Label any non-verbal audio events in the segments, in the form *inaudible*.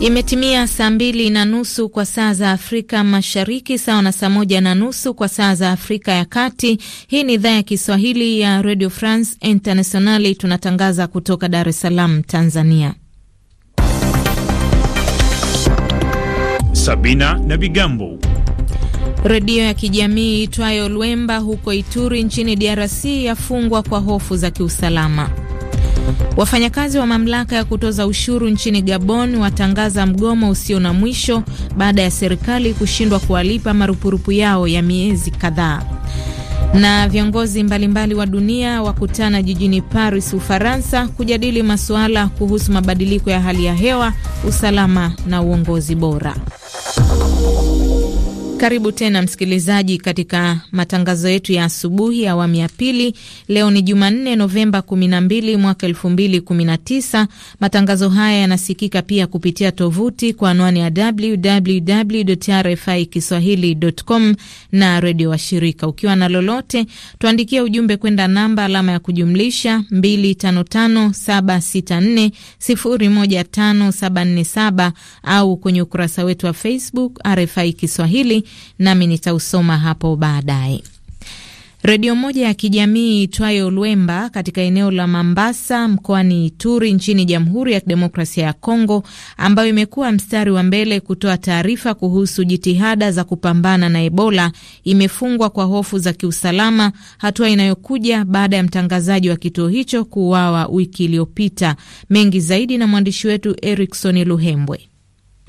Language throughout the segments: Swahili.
Imetimia saa mbili na nusu kwa saa za Afrika Mashariki, sawa na saa moja na nusu kwa saa za Afrika ya Kati. Hii ni idhaa ya Kiswahili ya Radio France Internationali, tunatangaza kutoka Dar es Salaam, Tanzania. Sabina na Vigambo. Redio ya kijamii itwayo Lwemba huko Ituri nchini DRC yafungwa kwa hofu za kiusalama. Wafanyakazi wa mamlaka ya kutoza ushuru nchini Gabon watangaza mgomo usio na mwisho baada ya serikali kushindwa kuwalipa marupurupu yao ya miezi kadhaa. Na viongozi mbalimbali wa dunia wakutana jijini Paris, Ufaransa, kujadili masuala kuhusu mabadiliko ya hali ya hewa, usalama na uongozi bora. Karibu tena msikilizaji, katika matangazo yetu ya asubuhi ya awamu ya pili. Leo ni Jumanne, Novemba 12 mwaka 2019. Matangazo haya yanasikika pia kupitia tovuti kwa anwani ya www RFI kiswahili.com na redio wa shirika Ukiwa na lolote, tuandikia ujumbe kwenda namba alama ya kujumlisha 255764015747 au kwenye ukurasa wetu wa Facebook RFI Kiswahili nami nitausoma hapo baadaye. Redio moja ya kijamii itwayo Lwemba katika eneo la Mambasa mkoani Ituri nchini Jamhuri ya Kidemokrasia ya Kongo, ambayo imekuwa mstari wa mbele kutoa taarifa kuhusu jitihada za kupambana na Ebola, imefungwa kwa hofu za kiusalama, hatua inayokuja baada ya mtangazaji wa kituo hicho kuuawa wiki iliyopita. Mengi zaidi na mwandishi wetu Erikson Luhembwe.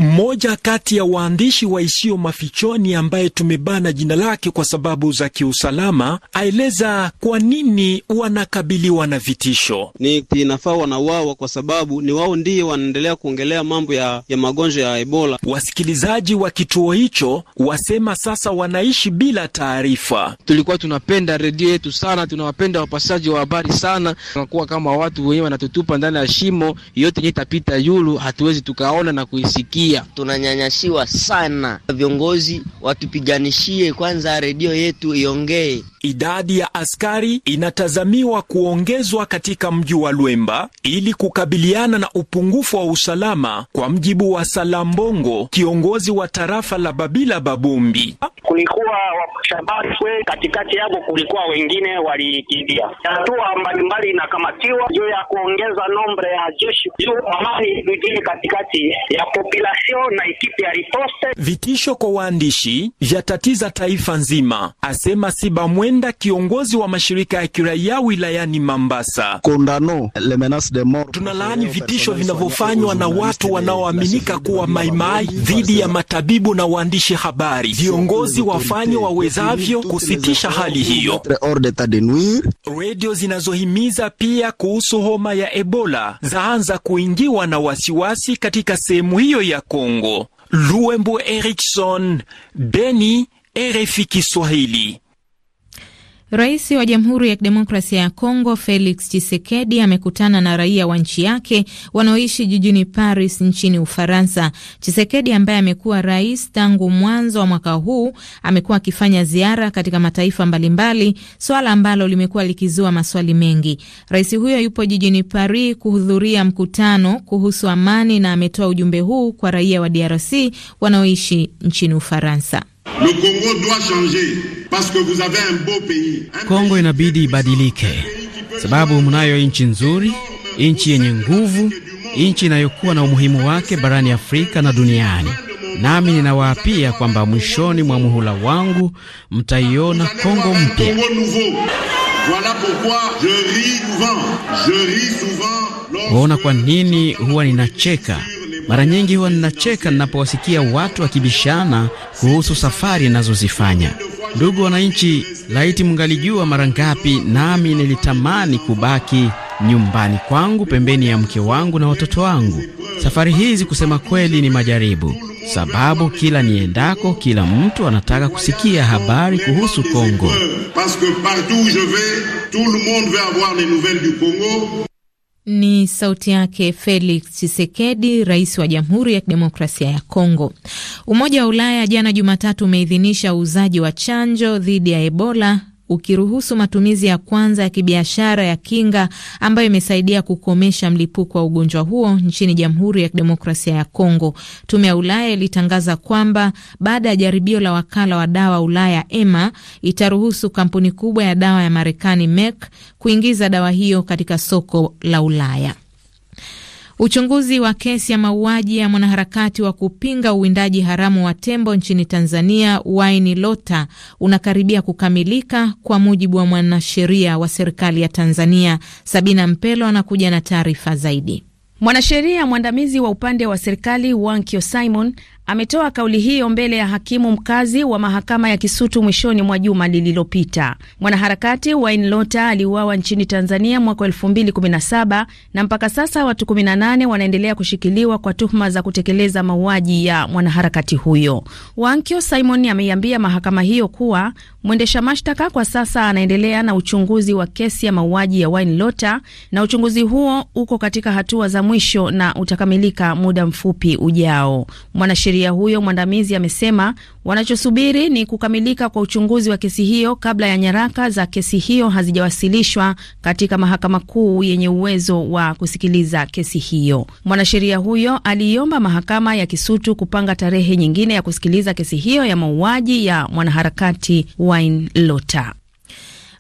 Mmoja kati ya waandishi waishio mafichoni ambaye tumebana jina lake kwa sababu za kiusalama, aeleza kwa nini wanakabiliwa na vitisho. Ni inafaa wanawawa kwa sababu ni wao ndiye wanaendelea kuongelea mambo ya, ya magonjwa ya Ebola. Wasikilizaji wa kituo hicho wasema sasa wanaishi bila taarifa. Tulikuwa tunapenda redio yetu sana, tunawapenda wapasaji wa habari sana, tunakuwa kama watu wenyewe wanatutupa ndani ya shimo, yote yenyewe itapita yulu, hatuwezi tukaona na kuisikia kutuambia. Tunanyanyasiwa sana, viongozi watupiganishie kwanza, redio yetu iongee. Idadi ya askari inatazamiwa kuongezwa katika mji wa Lwemba ili kukabiliana na upungufu wa usalama, kwa mjibu wa Salambongo, kiongozi wa tarafa la Babila Babumbi. Kulikuwa kwe katikati yapo kulikuwa wengine walikimbia. Hatua mbalimbali inakamatiwa juu ya kuongeza nombre ya jeshi juu amani irudie katikati ya popula information na ekipe ya riposte. Vitisho kwa waandishi vyatatiza taifa nzima, asema Siba Mwenda, kiongozi wa mashirika ya kiraia wilayani Mambasa. Kondano, le menace de mort. Tunalaani vitisho vinavyofanywa na watu wanaoaminika kuwa maimai dhidi ya matabibu na waandishi habari. Viongozi wafanye wawezavyo kusitisha hali hiyo. Redio zinazohimiza pia kuhusu homa ya Ebola zaanza kuingiwa na wasiwasi katika sehemu hiyo ya Congo. Kongo. Luembo Erikson, Beni, RFI Kiswahili. Rais wa Jamhuri ya Kidemokrasia ya Kongo Felix Tshisekedi amekutana na raia wa nchi yake wanaoishi jijini Paris nchini Ufaransa. Tshisekedi ambaye amekuwa rais tangu mwanzo wa mwaka huu amekuwa akifanya ziara katika mataifa mbalimbali, swala ambalo limekuwa likizua maswali mengi. Rais huyo yupo jijini Paris kuhudhuria mkutano kuhusu amani na ametoa ujumbe huu kwa raia wa DRC wanaoishi nchini Ufaransa. Kongo inabidi ibadilike, sababu mnayo nchi nzuri, nchi yenye nguvu, nchi inayokuwa na umuhimu wake barani Afrika na duniani. Nami ninawaapia kwamba mwishoni mwa muhula wangu mtaiona Kongo mpya. Waona kwa nini huwa ninacheka mara nyingi huwa ninacheka ninapowasikia watu wakibishana kuhusu safari ninazozifanya. Ndugu wananchi, laiti mngalijua mara ngapi nami nilitamani kubaki nyumbani kwangu pembeni ya mke wangu na watoto wangu. Safari hizi kusema kweli ni majaribu, sababu kila niendako, kila mtu anataka kusikia habari kuhusu Kongo. Ni sauti yake Felix chisekedi rais wa Jamhuri ya Kidemokrasia ya Kongo. Umoja wa Ulaya jana Jumatatu umeidhinisha uuzaji wa chanjo dhidi ya Ebola ukiruhusu matumizi ya kwanza ya kibiashara ya kinga ambayo imesaidia kukomesha mlipuko wa ugonjwa huo nchini Jamhuri ya Kidemokrasia ya Kongo. Tume ya Ulaya ilitangaza kwamba baada ya jaribio la wakala wa dawa Ulaya EMA itaruhusu kampuni kubwa ya dawa ya Marekani Merck kuingiza dawa hiyo katika soko la Ulaya. Uchunguzi wa kesi ya mauaji ya mwanaharakati wa kupinga uwindaji haramu wa tembo nchini Tanzania, Waini Lota, unakaribia kukamilika kwa mujibu wa mwanasheria wa serikali ya Tanzania. Sabina Mpelo anakuja na taarifa zaidi. Mwanasheria mwandamizi wa upande wa serikali Wankio Simon Ametoa kauli hiyo mbele ya hakimu mkazi wa mahakama ya Kisutu mwishoni mwa juma lililopita. Mwanaharakati Wine Lota aliuawa nchini Tanzania mwaka 2017 na mpaka sasa watu 18 wanaendelea kushikiliwa kwa tuhuma za kutekeleza mauaji ya mwanaharakati huyo. Wankyo Simon ameiambia mahakama hiyo kuwa mwendesha mashtaka kwa sasa anaendelea na uchunguzi wa kesi ya mauaji ya Wine Lota na uchunguzi huo uko katika hatua za mwisho na utakamilika muda mfupi ujao. Mwanashir Mwanasheria huyo mwandamizi amesema wanachosubiri ni kukamilika kwa uchunguzi wa kesi hiyo kabla ya nyaraka za kesi hiyo hazijawasilishwa katika mahakama kuu yenye uwezo wa kusikiliza kesi hiyo. Mwanasheria huyo aliiomba mahakama ya Kisutu kupanga tarehe nyingine ya kusikiliza kesi hiyo ya mauaji ya mwanaharakati Wine Lota.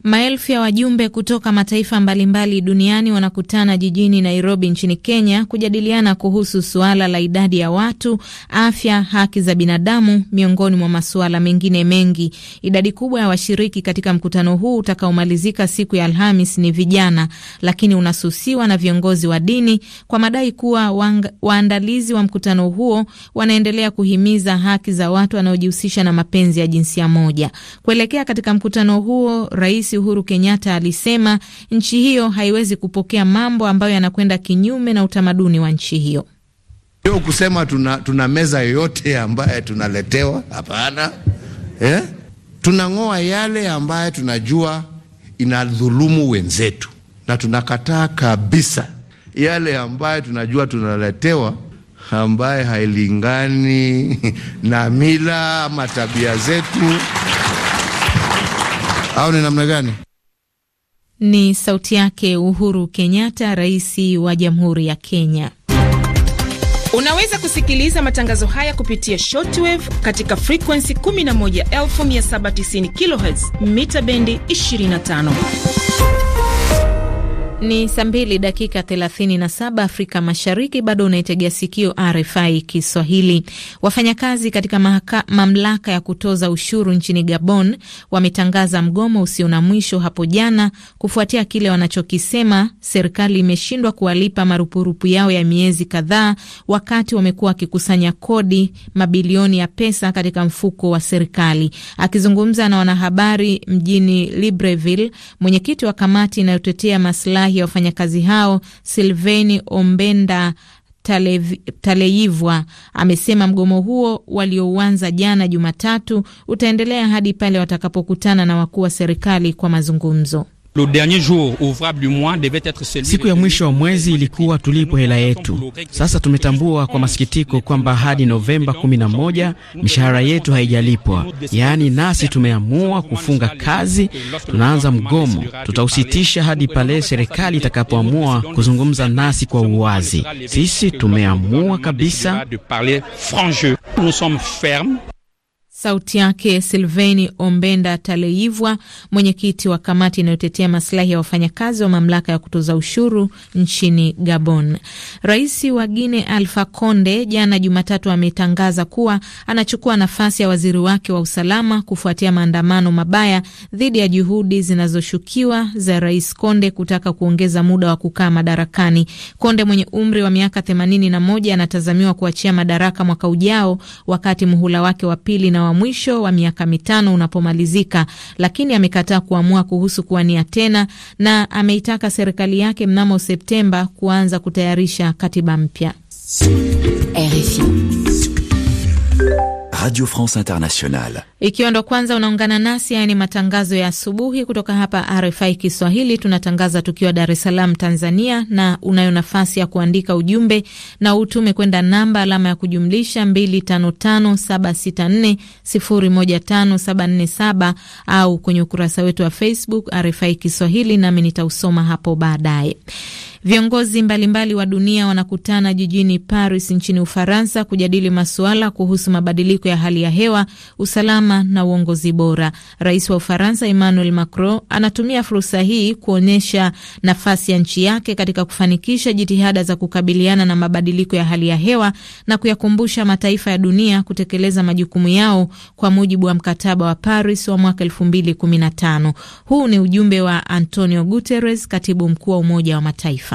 Maelfu ya wajumbe kutoka mataifa mbalimbali duniani wanakutana jijini Nairobi nchini Kenya kujadiliana kuhusu suala la idadi ya watu, afya, haki za binadamu, miongoni mwa masuala mengine mengi. Idadi kubwa ya washiriki katika mkutano huu utakaomalizika siku ya Alhamis ni vijana, lakini unasusiwa na viongozi wa dini kwa madai kuwa wang, waandalizi wa mkutano huo wanaendelea kuhimiza haki za watu wanaojihusisha na mapenzi ya jinsia moja. Kuelekea katika mkutano huo, rais Rais Uhuru Kenyatta alisema nchi hiyo haiwezi kupokea mambo ambayo yanakwenda kinyume na utamaduni wa nchi hiyo. Sio kusema tuna, tuna meza yoyote ambaye tunaletewa, hapana eh? Tunang'oa yale ambaye tunajua inadhulumu wenzetu, na tunakataa kabisa yale ambaye tunajua tunaletewa ambaye hailingani *laughs* na mila ama tabia zetu au ni namna gani? Ni sauti yake Uhuru Kenyatta, rais wa Jamhuri ya Kenya. Unaweza kusikiliza matangazo haya kupitia shortwave katika frekuensi 11790 kHz mita bendi 25. Ni saa mbili dakika 37 Afrika Mashariki. Bado unaitegea sikio RFI Kiswahili. Wafanyakazi katika mahaka, mamlaka ya kutoza ushuru nchini Gabon wametangaza mgomo usio na mwisho hapo jana kufuatia kile wanachokisema serikali imeshindwa kuwalipa marupurupu yao ya miezi kadhaa, wakati wamekuwa wakikusanya kodi mabilioni ya pesa katika mfuko wa serikali. Akizungumza na wanahabari mjini Libreville, mwenyekiti wa kamati inayotetea maslahi masilahi ya wafanyakazi hao, Silveni Ombenda Taleivwa amesema mgomo huo waliouanza jana Jumatatu utaendelea hadi pale watakapokutana na wakuu wa serikali kwa mazungumzo. Siku ya mwisho wa mwezi ilikuwa tulipo hela yetu. Sasa tumetambua kwa masikitiko kwamba hadi Novemba 11 mishahara yetu haijalipwa, yaani nasi tumeamua kufunga kazi. Tunaanza mgomo, tutausitisha hadi pale serikali itakapoamua kuzungumza nasi kwa uwazi. Sisi tumeamua kabisa. Sauti yake Silveni Ombenda Taleivwa, mwenyekiti wa kamati inayotetea masilahi ya wafanyakazi wa mamlaka ya kutoza ushuru nchini Gabon. Rais wa Guine Alfa Conde jana Jumatatu ametangaza kuwa anachukua nafasi ya waziri wake wa usalama kufuatia maandamano mabaya dhidi ya juhudi zinazoshukiwa za Rais Conde kutaka kuongeza muda wa kukaa madarakani. Konde mwenye umri wa miaka 81 anatazamiwa kuachia madaraka mwaka ujao, wakati muhula wake wa pili na wa mwisho wa miaka mitano unapomalizika, lakini amekataa kuamua kuhusu kuwania tena na ameitaka serikali yake mnamo Septemba kuanza kutayarisha katiba mpya. RFI Radio France Internationale. Ikiwa ndo kwanza unaungana nasi, haya ni matangazo ya asubuhi kutoka hapa RFI Kiswahili. Tunatangaza tukiwa Dar es Salaam, Tanzania, na unayo nafasi ya kuandika ujumbe na utume kwenda namba alama ya kujumlisha 255764015747 au kwenye ukurasa wetu wa Facebook RFI Kiswahili, nami nitausoma hapo baadaye. Viongozi mbalimbali mbali wa dunia wanakutana jijini Paris nchini Ufaransa kujadili masuala kuhusu mabadiliko ya hali ya hewa, usalama na uongozi bora. Rais wa Ufaransa Emmanuel Macron anatumia fursa hii kuonyesha nafasi ya nchi yake katika kufanikisha jitihada za kukabiliana na mabadiliko ya hali ya hewa na kuyakumbusha mataifa ya dunia kutekeleza majukumu yao kwa mujibu wa mkataba wa Paris wa mwaka 2015. Huu ni ujumbe wa Antonio Guterres, katibu mkuu wa Umoja wa Mataifa.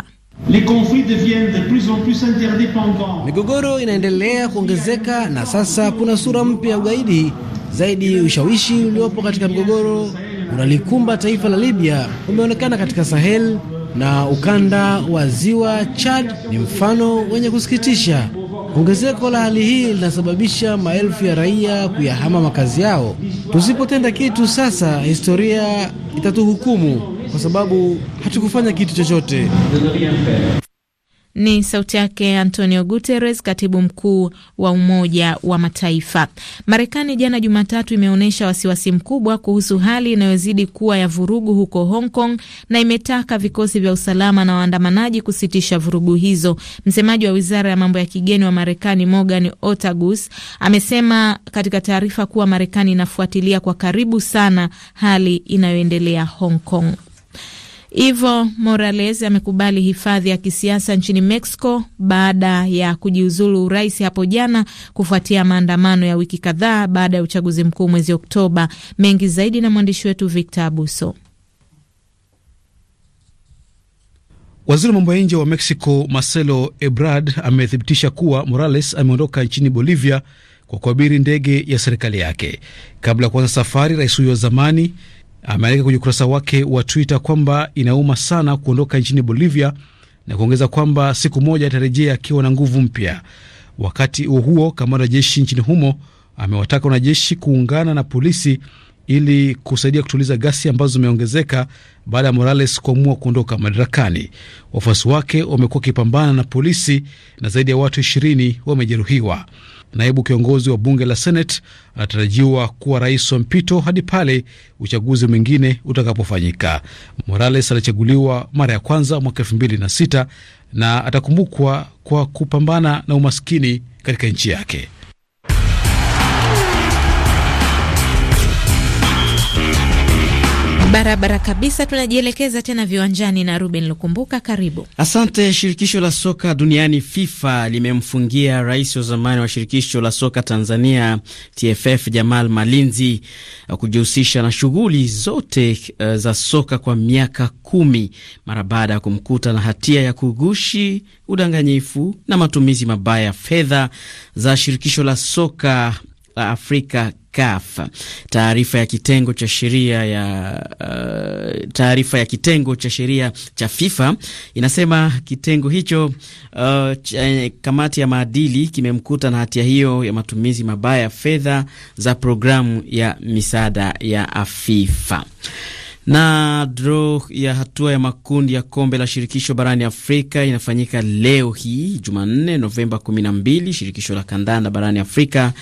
Migogoro inaendelea kuongezeka na sasa kuna sura mpya ya ugaidi zaidi. Ushawishi uliopo katika migogoro unalikumba taifa la Libya umeonekana katika Sahel na ukanda wa ziwa Chad ni mfano wenye kusikitisha. Ongezeko la hali hii linasababisha maelfu ya raia kuyahama makazi yao. Tusipotenda kitu sasa, historia itatuhukumu kwa sababu hatukufanya kitu chochote. Ni sauti yake Antonio Guterres, katibu mkuu wa Umoja wa Mataifa. Marekani jana Jumatatu imeonyesha wasiwasi mkubwa kuhusu hali inayozidi kuwa ya vurugu huko Hong Kong na imetaka vikosi vya usalama na waandamanaji kusitisha vurugu hizo. Msemaji wa wizara ya mambo ya kigeni wa Marekani Morgan Otagus amesema katika taarifa kuwa Marekani inafuatilia kwa karibu sana hali inayoendelea Hong Kong. Evo Morales amekubali hifadhi ya kisiasa nchini Mexico baada ya kujiuzulu urais hapo jana kufuatia maandamano ya wiki kadhaa baada ya uchaguzi mkuu mwezi Oktoba. Mengi zaidi na mwandishi wetu Victor Abuso. Waziri wa mambo ya nje wa Mexico Marcelo Ebrard amethibitisha kuwa Morales ameondoka nchini Bolivia kwa kuabiri ndege ya serikali yake. Kabla ya kuanza safari, rais huyo wa zamani ameandika kwenye ukurasa wake wa Twitter kwamba inauma sana kuondoka nchini Bolivia na kuongeza kwamba siku moja atarejea akiwa na nguvu mpya. Wakati huo huo, kamanda wa jeshi nchini humo amewataka wanajeshi kuungana na polisi ili kusaidia kutuliza ghasia ambazo zimeongezeka baada ya Morales kuamua kuondoka madarakani. Wafuasi wake wamekuwa wakipambana na polisi na zaidi ya watu ishirini wamejeruhiwa. Naibu kiongozi wa bunge la Senate anatarajiwa kuwa rais wa mpito hadi pale uchaguzi mwingine utakapofanyika. Morales alichaguliwa mara ya kwanza mwaka sita na atakumbukwa kwa kupambana na umaskini katika nchi yake. Barabara kabisa, tunajielekeza tena viwanjani na Ruben Lukumbuka, karibu. Asante. Shirikisho la soka duniani FIFA limemfungia rais wa zamani wa shirikisho la soka Tanzania TFF Jamal Malinzi kujihusisha na shughuli zote uh, za soka kwa miaka kumi mara baada ya kumkuta na hatia ya kugushi, udanganyifu na matumizi mabaya ya fedha za shirikisho la soka Afrika CAF. Taarifa ya kitengo cha sheria ya uh, taarifa ya kitengo cha sheria cha FIFA inasema kitengo hicho uh, cha, kamati ya maadili kimemkuta na hatia hiyo ya matumizi mabaya ya fedha za programu ya misaada ya FIFA na dro ya hatua ya makundi ya kombe la shirikisho barani Afrika inafanyika leo hii Jumanne, Novemba 12. Shirikisho la kandanda barani Afrika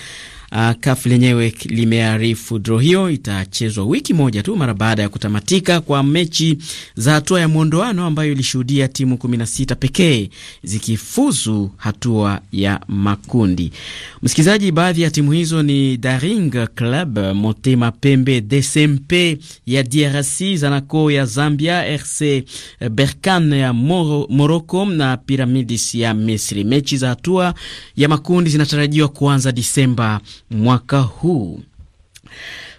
Uh, ah, CAF lenyewe limearifu draw hiyo itachezwa wiki moja tu mara baada ya kutamatika kwa mechi za hatua ya mwondoano ambayo ilishuhudia timu 16 pekee zikifuzu hatua ya makundi. Msikilizaji, baadhi ya timu hizo ni Daring Club, Motema Pembe, DSMP ya DRC, Zanaco ya Zambia, RC Berkan ya Morocco na Pyramids ya Misri. Mechi za hatua ya makundi zinatarajiwa kuanza Disemba mwaka huu.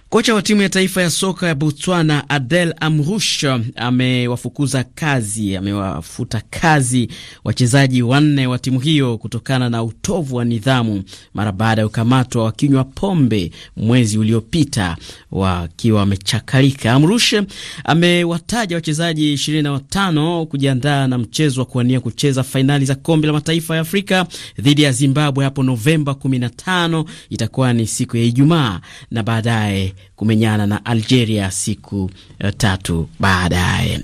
Kocha wa timu ya taifa ya soka ya Botswana Adel Amrush amewafukuza kazi, amewafuta kazi wachezaji wanne wa timu hiyo kutokana na utovu wa nidhamu mara baada ya kukamatwa wakinywa pombe mwezi uliopita wakiwa wamechakalika. Amrush amewataja wachezaji 25 kujiandaa na mchezo wa kuwania kucheza fainali za kombe la mataifa ya Afrika dhidi ya Zimbabwe hapo Novemba 15, itakuwa ni siku ya Ijumaa na baadaye kumenyana na Algeria siku uh, tatu baadaye.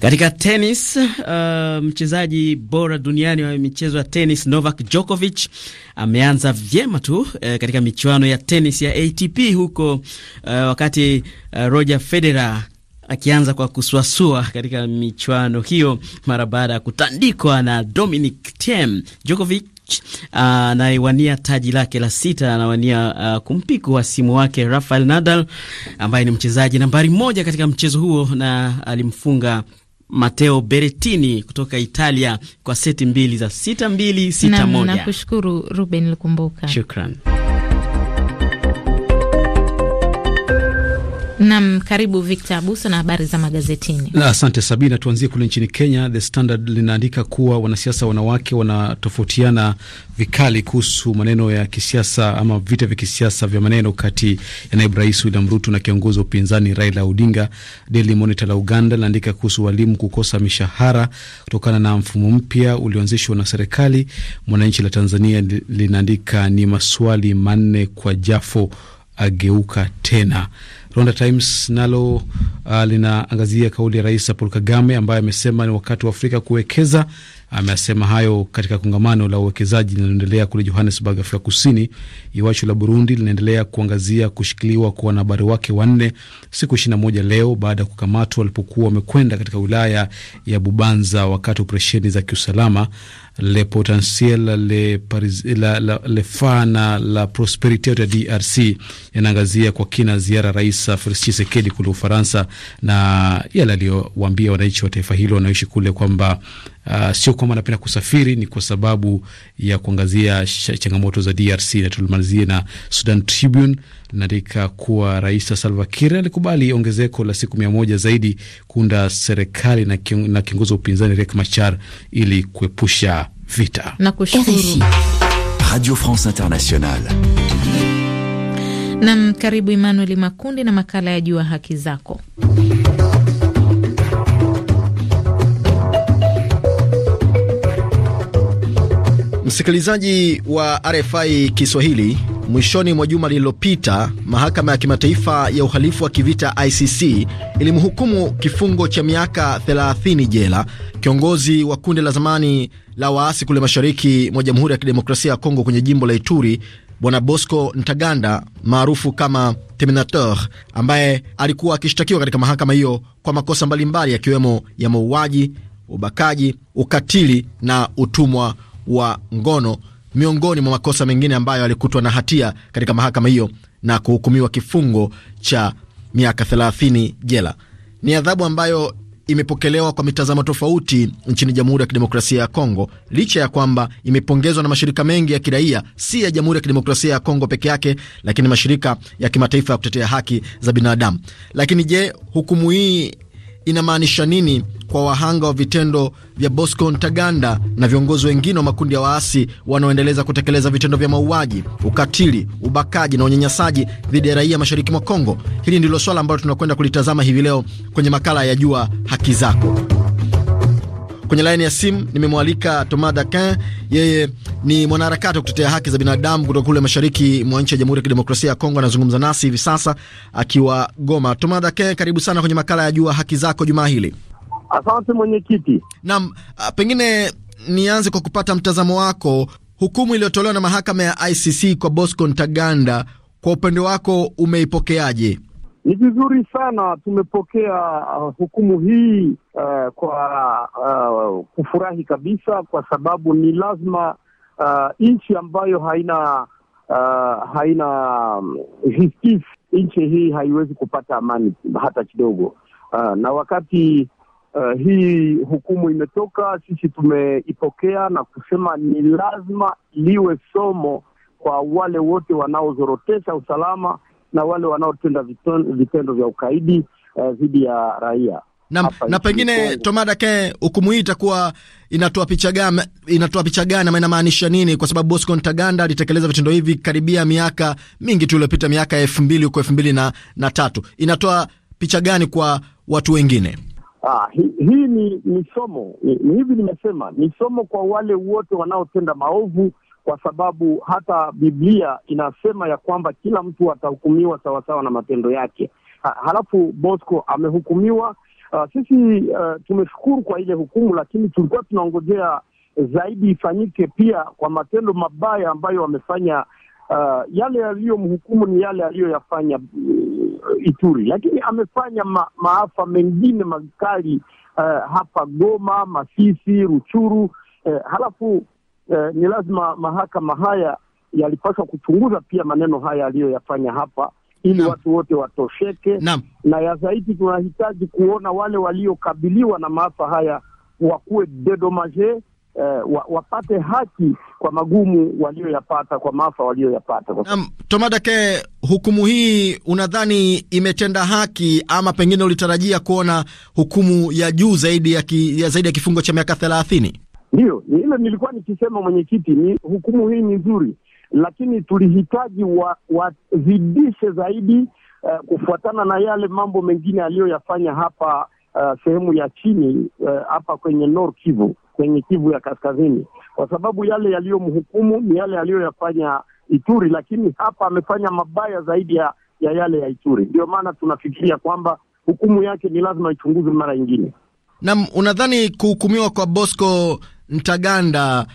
Katika tenis uh, eh, mchezaji bora duniani wa michezo ya tenis Novak Djokovic ameanza vyema tu uh, katika michuano ya tenis ya ATP huko uh, wakati uh, Roger Federer akianza kwa kusuasua katika michuano hiyo mara baada ya kutandikwa na Dominic Thiem. Djokovic Djokovic uh, anayewania taji lake la sita, anawania uh, kumpiku hasimu wake Rafael Nadal ambaye ni mchezaji nambari moja katika mchezo huo na alimfunga Mateo Berettini kutoka Italia kwa seti mbili za sita mbili sita moja. Nakushukuru Ruben Lukumbuka. Shukran. Nam, karibu Victor Abuso na habari za magazetini. Na asante Sabina, tuanzie kule nchini Kenya. The Standard linaandika kuwa wanasiasa wanawake wanatofautiana vikali kuhusu maneno ya kisiasa ama vita vya kisiasa vya maneno kati ya naibu rais William Ruto na kiongozi wa upinzani Raila Odinga. Daily Monitor la Uganda linaandika kuhusu walimu kukosa mishahara kutokana na mfumo mpya ulioanzishwa na serikali. Mwananchi la Tanzania linaandika ni maswali manne kwa Jafo ageuka tena. Rwanda Times nalo uh, linaangazia kauli ya Rais Paul Kagame ambaye amesema ni wakati wa Afrika kuwekeza. Amesema hayo katika kongamano la uwekezaji linaloendelea kule Johannesburg, Afrika Kusini. Iwachu la Burundi linaendelea kuangazia kushikiliwa kwa wanahabari wake wanne siku ishirini na moja leo baada ya kukamatwa walipokuwa wamekwenda katika wilaya ya Bubanza wakati operesheni za kiusalama le potentiel le, Paris, la, la, le fana la prosperite ya DRC yanaangazia kwa kina ziara Rais Felix Tshisekedi kule Ufaransa na yale aliyowaambia wananchi wa taifa hilo wanaoishi kule kwamba Uh, sio kwamba anapenda kusafiri, ni kwa sababu ya kuangazia changamoto za DRC. Na tulimalizie na Sudan Tribune linaandika kuwa Rais Salva Kiir alikubali ongezeko la siku mia moja zaidi kuunda serikali na kiongozi wa upinzani Riek Machar ili kuepusha vita. Nakushukuru. Radio France Internationale. Nam, karibu Emmanuel Makundi na makala ya Jua Haki Zako. Msikilizaji wa RFI Kiswahili, Mwishoni mwa juma lililopita, mahakama ya kimataifa ya uhalifu wa kivita ICC ilimhukumu kifungo cha miaka 30 jela kiongozi wa kundi la zamani la waasi kule mashariki mwa Jamhuri ya Kidemokrasia ya Kongo kwenye jimbo la Ituri Bwana Bosco Ntaganda maarufu kama Terminator, ambaye alikuwa akishtakiwa katika mahakama hiyo kwa makosa mbalimbali yakiwemo ya mauaji, ubakaji, ukatili na utumwa wa ngono miongoni mwa makosa mengine ambayo alikutwa na hatia katika mahakama hiyo na kuhukumiwa kifungo cha miaka 30 jela. Ni adhabu ambayo imepokelewa kwa mitazamo tofauti nchini Jamhuri ya Kidemokrasia ya Kongo, licha ya kwamba imepongezwa na mashirika mengi ya kiraia, si ya Jamhuri ya Kidemokrasia ya Kongo peke yake, lakini mashirika ya kimataifa ya kutetea haki za binadamu. Lakini je, hukumu hii inamaanisha nini kwa wahanga wa vitendo vya Bosco Ntaganda na viongozi wengine wa makundi ya waasi wanaoendeleza kutekeleza vitendo vya mauaji, ukatili, ubakaji na unyanyasaji dhidi ya raia mashariki mwa Kongo? Hili ndilo swala ambalo tunakwenda kulitazama hivi leo kwenye makala ya Jua Haki Zako. Kwenye laini ya simu nimemwalika Thomas Dakin, yeye ni mwanaharakati wa kutetea haki za binadamu kutoka kule mashariki mwa nchi ya Jamhuri ya Kidemokrasia ya Kongo. Anazungumza nasi hivi sasa akiwa Goma. Thomas Dakin, karibu sana kwenye makala ya Jua Haki Zako jumaa hili. Asante mwenyekiti. Naam, ah, pengine nianze kwa kupata mtazamo wako, hukumu iliyotolewa na mahakama ya ICC kwa Bosco Ntaganda, kwa upande wako umeipokeaje? Ni vizuri sana tumepokea uh, hukumu hii uh, kwa ah, kufurahi kabisa, kwa sababu ni lazima uh, nchi ambayo haina uh, haina um, justice, nchi hii haiwezi kupata amani hata kidogo. Uh, na wakati uh, hii hukumu imetoka, sisi tumeipokea na kusema ni lazima liwe somo kwa wale wote wanaozorotesha usalama na wale wanaotenda vitendo vya ukaidi uh, dhidi uh, ya raia na, na pengine Tomadake hukumu hii itakuwa inatoa picha gani? Inatoa picha gani ama inamaanisha nini? Kwa sababu Bosco Ntaganda alitekeleza vitendo hivi karibia miaka mingi tu iliyopita, miaka elfu mbili huko elfu mbili na, na tatu. Inatoa picha gani kwa watu wengine? Ah, hii ni, ni somo ni, hivi nimesema ni somo kwa wale wote wanaotenda maovu, kwa sababu hata Biblia inasema ya kwamba kila mtu atahukumiwa sawasawa na matendo yake. Ha, halafu Bosco amehukumiwa Uh, sisi uh, tumeshukuru kwa ile hukumu, lakini tulikuwa tunaongojea zaidi ifanyike pia kwa matendo mabaya ambayo wamefanya. Uh, yale yaliyomhukumu ni yale aliyoyafanya uh, Ituri, lakini amefanya ma, maafa mengine makali uh, hapa Goma, Masisi, Ruchuru uh, halafu uh, ni lazima mahakama haya yalipaswa kuchunguza pia maneno haya aliyoyafanya hapa ili watu wote watosheke na, na ya zaidi tunahitaji kuona wale waliokabiliwa na maafa haya wakuwe dedomaje eh, wa, wapate haki kwa magumu walioyapata kwa maafa walioyapata. Um, Tomadake, hukumu hii unadhani imetenda haki ama pengine ulitarajia kuona hukumu ya juu zaidi ya, ki, ya zaidi ya kifungo cha miaka thelathini? Ndiyo, ile nilikuwa nikisema mwenyekiti, ni hukumu hii ni nzuri, lakini tulihitaji wazidishe wa zaidi uh, kufuatana na yale mambo mengine aliyoyafanya hapa uh, sehemu ya chini eh, hapa uh, kwenye Nord Kivu, kwenye Kivu ya kaskazini, kwa sababu yale yaliyomhukumu ni yale aliyoyafanya Ituri, lakini hapa amefanya mabaya zaidi ya, ya yale ya Ituri. Ndio maana tunafikiria kwamba hukumu yake ni lazima ichunguzwe mara nyingine. Naam, unadhani kuhukumiwa kwa Bosco Ntaganda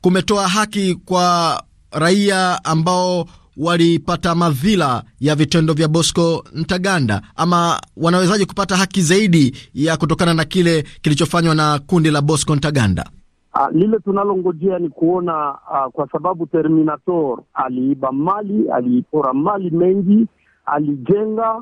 kumetoa haki kwa raia ambao walipata madhila ya vitendo vya Bosco Ntaganda, ama wanawezaje kupata haki zaidi ya kutokana na kile kilichofanywa na kundi la Bosco Ntaganda? Uh, lile tunalongojea ni kuona uh, kwa sababu Terminator aliiba mali, aliipora mali mengi, alijenga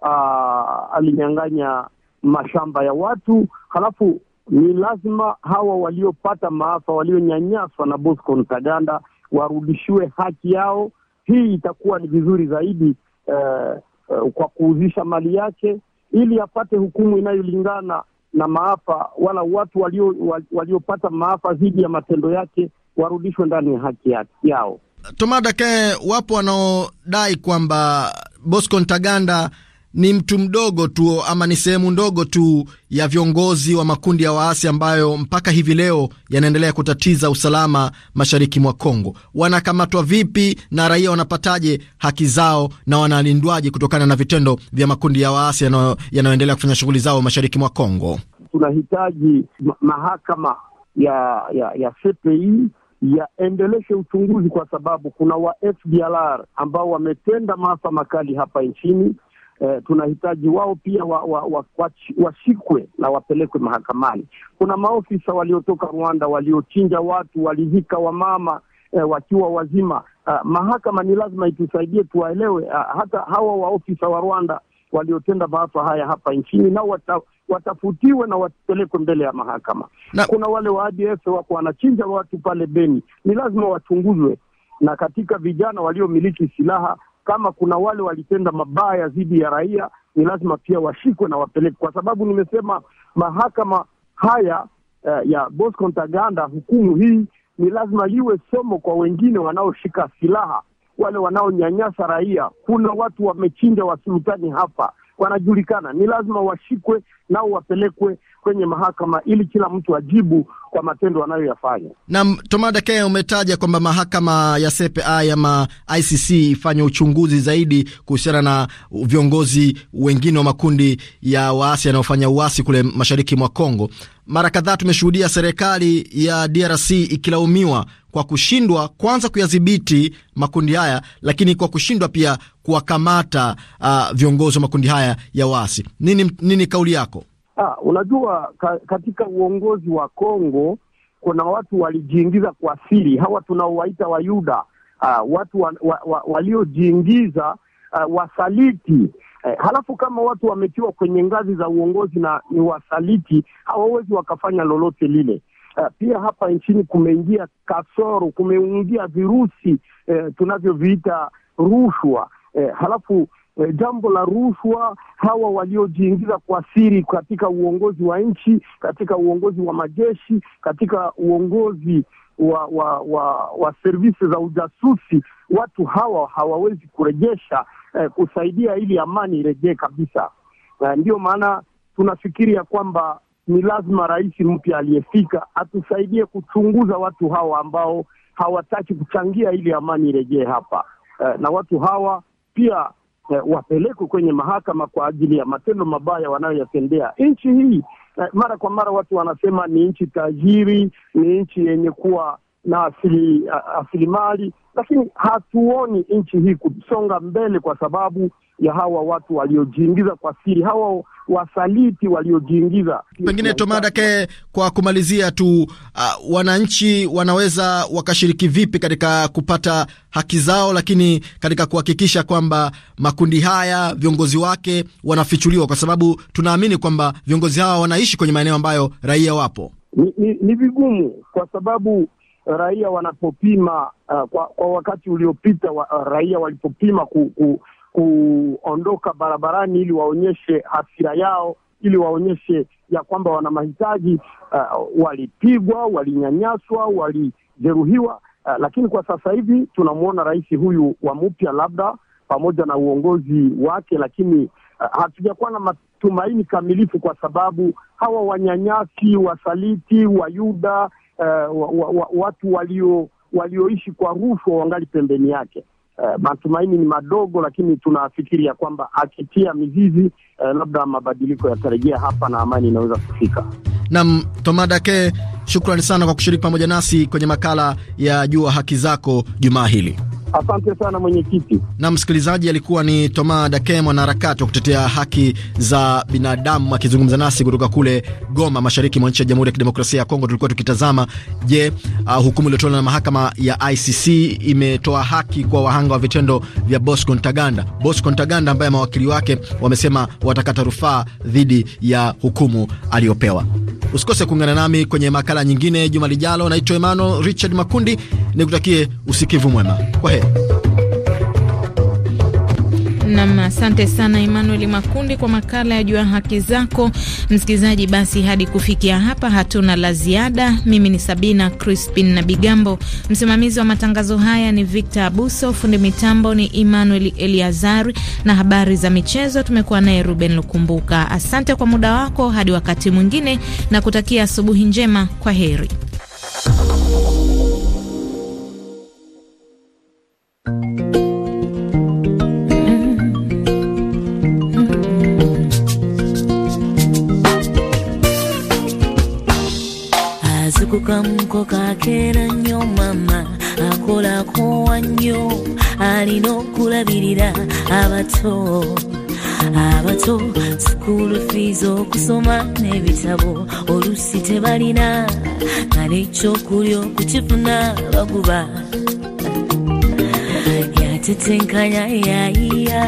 uh, alinyang'anya mashamba ya watu, halafu ni lazima hawa waliopata maafa, walionyanyaswa na Bosco Ntaganda warudishiwe haki yao. Hii itakuwa ni vizuri zaidi eh, eh, kwa kuuzisha mali yake ili apate hukumu inayolingana na maafa, wala watu waliopata walio maafa dhidi ya matendo yake warudishwe ndani ya haki yao. Tomada ke wapo wanaodai kwamba Bosco Ntaganda ni mtu mdogo tu ama ni sehemu ndogo tu ya viongozi wa makundi ya waasi ambayo mpaka hivi leo yanaendelea kutatiza usalama mashariki mwa Kongo. Wanakamatwa vipi na raia wanapataje haki zao na wanalindwaje kutokana na vitendo vya makundi ya waasi yanayoendelea kufanya shughuli zao mashariki mwa Kongo? Tunahitaji mahakama ya ya ya CPI e yaendeleshe uchunguzi kwa sababu kuna wa FDLR ambao wametenda maafa makali hapa nchini eh, tunahitaji wao pia washikwe wa, wa, wa na wapelekwe mahakamani. Kuna maofisa waliotoka Rwanda waliochinja watu, walihika wamama eh, wakiwa wazima. Uh, mahakama ni lazima itusaidie tuwaelewe. Uh, hata hawa waofisa wa Rwanda waliotenda maafa haya hapa nchini nao wata, watafutiwe na wapelekwe mbele ya mahakama na. Kuna wale wa ADF wako wanachinja watu pale Beni, ni lazima wachunguzwe, na katika vijana waliomiliki silaha kama kuna wale walitenda mabaya dhidi ya raia, ni lazima pia washikwe na wapelekwe, kwa sababu nimesema mahakama haya uh, ya Bosco Ntaganda, hukumu hii ni lazima iwe somo kwa wengine wanaoshika silaha, wale wanaonyanyasa raia. Kuna watu wamechinja wasultani hapa wanajulikana, ni lazima washikwe nao wapelekwe kwenye mahakama ili kila mtu ajibu kwa matendo anayoyafanya. Naam, Tomada Kenya, umetaja kwamba mahakama ya CPI ama ICC ifanye uchunguzi zaidi kuhusiana na viongozi wengine wa makundi ya waasi yanayofanya uasi kule mashariki mwa Kongo. Mara kadhaa tumeshuhudia serikali ya DRC ikilaumiwa kwa kushindwa kwanza kuyadhibiti makundi haya, lakini kwa kushindwa pia kuwakamata uh, viongozi wa makundi haya ya waasi. Nini, nini kauli yako? Ha, ah, unajua ka, katika uongozi wa Kongo kuna watu walijiingiza kwa siri, hawa tunaowaita Wayuda uh, ah, watu wa, wa, wa, waliojiingiza uh, wasaliti Eh, halafu kama watu wametiwa kwenye ngazi za uongozi na ni wasaliti hawawezi wakafanya lolote lile. Eh, pia hapa nchini kumeingia kasoro, kumeingia virusi eh, tunavyoviita rushwa eh, halafu eh, jambo la rushwa, hawa waliojiingiza kwa siri katika uongozi wa nchi, katika uongozi wa majeshi, katika uongozi wa wa wa, wa servisi za ujasusi, watu hawa hawawezi kurejesha eh, kusaidia ili amani irejee kabisa. Eh, ndiyo maana tunafikiri ya kwamba ni lazima rais mpya aliyefika atusaidie kuchunguza watu hawa ambao hawataki kuchangia ili amani irejee hapa, eh, na watu hawa pia eh, wapelekwe kwenye mahakama kwa ajili ya matendo mabaya wanayoyatendea nchi hii. Eh, mara kwa mara watu wanasema ni nchi tajiri, ni nchi yenye kuwa na asili, lakini hatuoni nchi hii kusonga mbele kwa sababu ya hawa watu waliojiingiza kwa siri, hawa wasaliti waliojiingiza. Pengine Tomadake, kwa kumalizia tu, uh, wananchi wanaweza wakashiriki vipi katika kupata haki zao, lakini katika kuhakikisha kwamba makundi haya viongozi wake wanafichuliwa, kwa sababu tunaamini kwamba viongozi hawa wanaishi kwenye maeneo ambayo raia wapo. Ni, ni, ni vigumu kwa sababu raia wanapopima uh, kwa, kwa wakati uliopita wa, uh, raia walipopima ku, ku, kuondoka barabarani ili waonyeshe hasira yao, ili waonyeshe ya kwamba wana mahitaji. Uh, walipigwa, walinyanyaswa, walijeruhiwa. Uh, lakini kwa sasa hivi tunamwona rais huyu wa mpya labda pamoja na uongozi wake, lakini uh, hatujakuwa na matumaini kamilifu, kwa sababu hawa wanyanyasi, wasaliti, wayuda, uh, wa, wa, wa, watu walio walioishi kwa rushwa wangali pembeni yake. Eh, matumaini ni madogo, lakini tunafikiri ya kwamba akitia mizizi uh, labda mabadiliko yatarejea hapa na amani inaweza kufika. Nam dake shukrani sana kwa kushiriki pamoja nasi kwenye makala ya Jua Haki Zako jumaa hili. Asante sana mwenyekiti. Na msikilizaji, alikuwa ni Toma Dake, mwanaharakati wa kutetea haki za binadamu akizungumza nasi kutoka kule Goma, mashariki mwa nchi ya Jamhuri ya Kidemokrasia ya Kongo. Tulikuwa tukitazama, je, uh, hukumu iliyotolewa na mahakama ya ICC imetoa haki kwa wahanga wa vitendo vya Bosco Ntaganda. Bosco Ntaganda ambaye mawakili wake wamesema watakata rufaa dhidi ya hukumu aliyopewa. Usikose kuungana nami kwenye makala nyingine juma lijalo. Naitwa Emmanuel Richard Makundi, nikutakie usikivu mwema. Kwa heri. Nam, asante sana Emmanuel Makundi kwa makala ya Jua Haki Zako. Msikilizaji, basi hadi kufikia hapa hatuna la ziada. Mimi ni Sabina Crispin na Bigambo, msimamizi wa matangazo haya ni Victor Abuso, fundi mitambo ni Emmanuel Eliazari na habari za michezo tumekuwa naye Ruben Lukumbuka. Asante kwa muda wako, hadi wakati mwingine, na kutakia asubuhi njema. Kwa heri. okukamuko kakeera nnyo mama akolakowa nnyo alina okulabirira abato abato sukuulu fiizi okusoma n'ebitabo olusi tebalina nalekyokulya okukifuna baguba yatetenkanya yayiya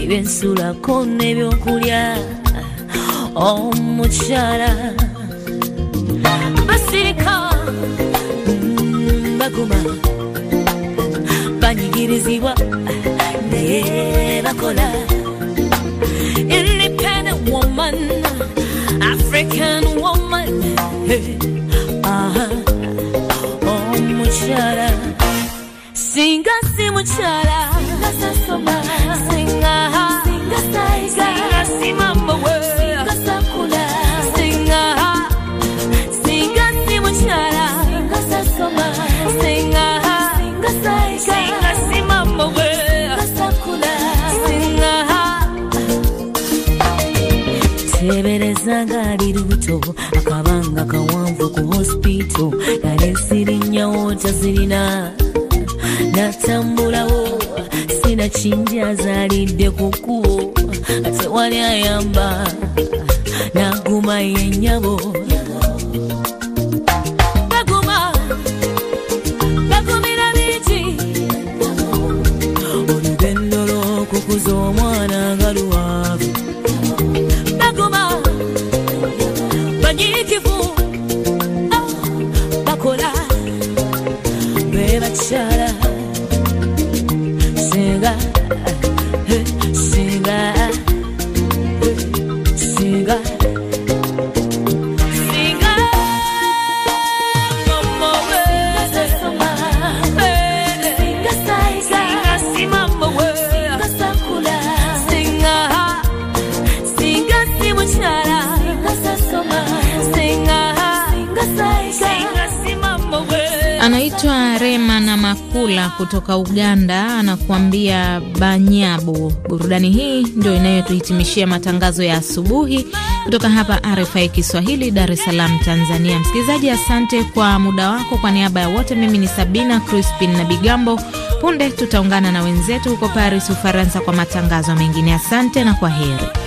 ebyensulako n'ebyokulya omukyala oh, baguma banyigirizibwa naye bakola independent woman african woman aha omukyala oh, singa si mukyala kyalo akabanga kawanvu ku hospito nale sirinyawota zirina natambulawo sina kinji azalidde ku kkubo tewali ayamba naguma yennyabo Sedat şara Sedat eh, Mabula kutoka Uganda anakuambia banyabu Burudani hii ndio inayotuhitimishia matangazo ya asubuhi kutoka hapa RFI Kiswahili, Dar es Salaam, Tanzania. Msikilizaji, asante kwa muda wako. Kwa niaba ya wote, mimi ni Sabina Crispin na Bigambo. Punde tutaungana na wenzetu huko Paris, Ufaransa, kwa matangazo mengine. Asante na kwa heri.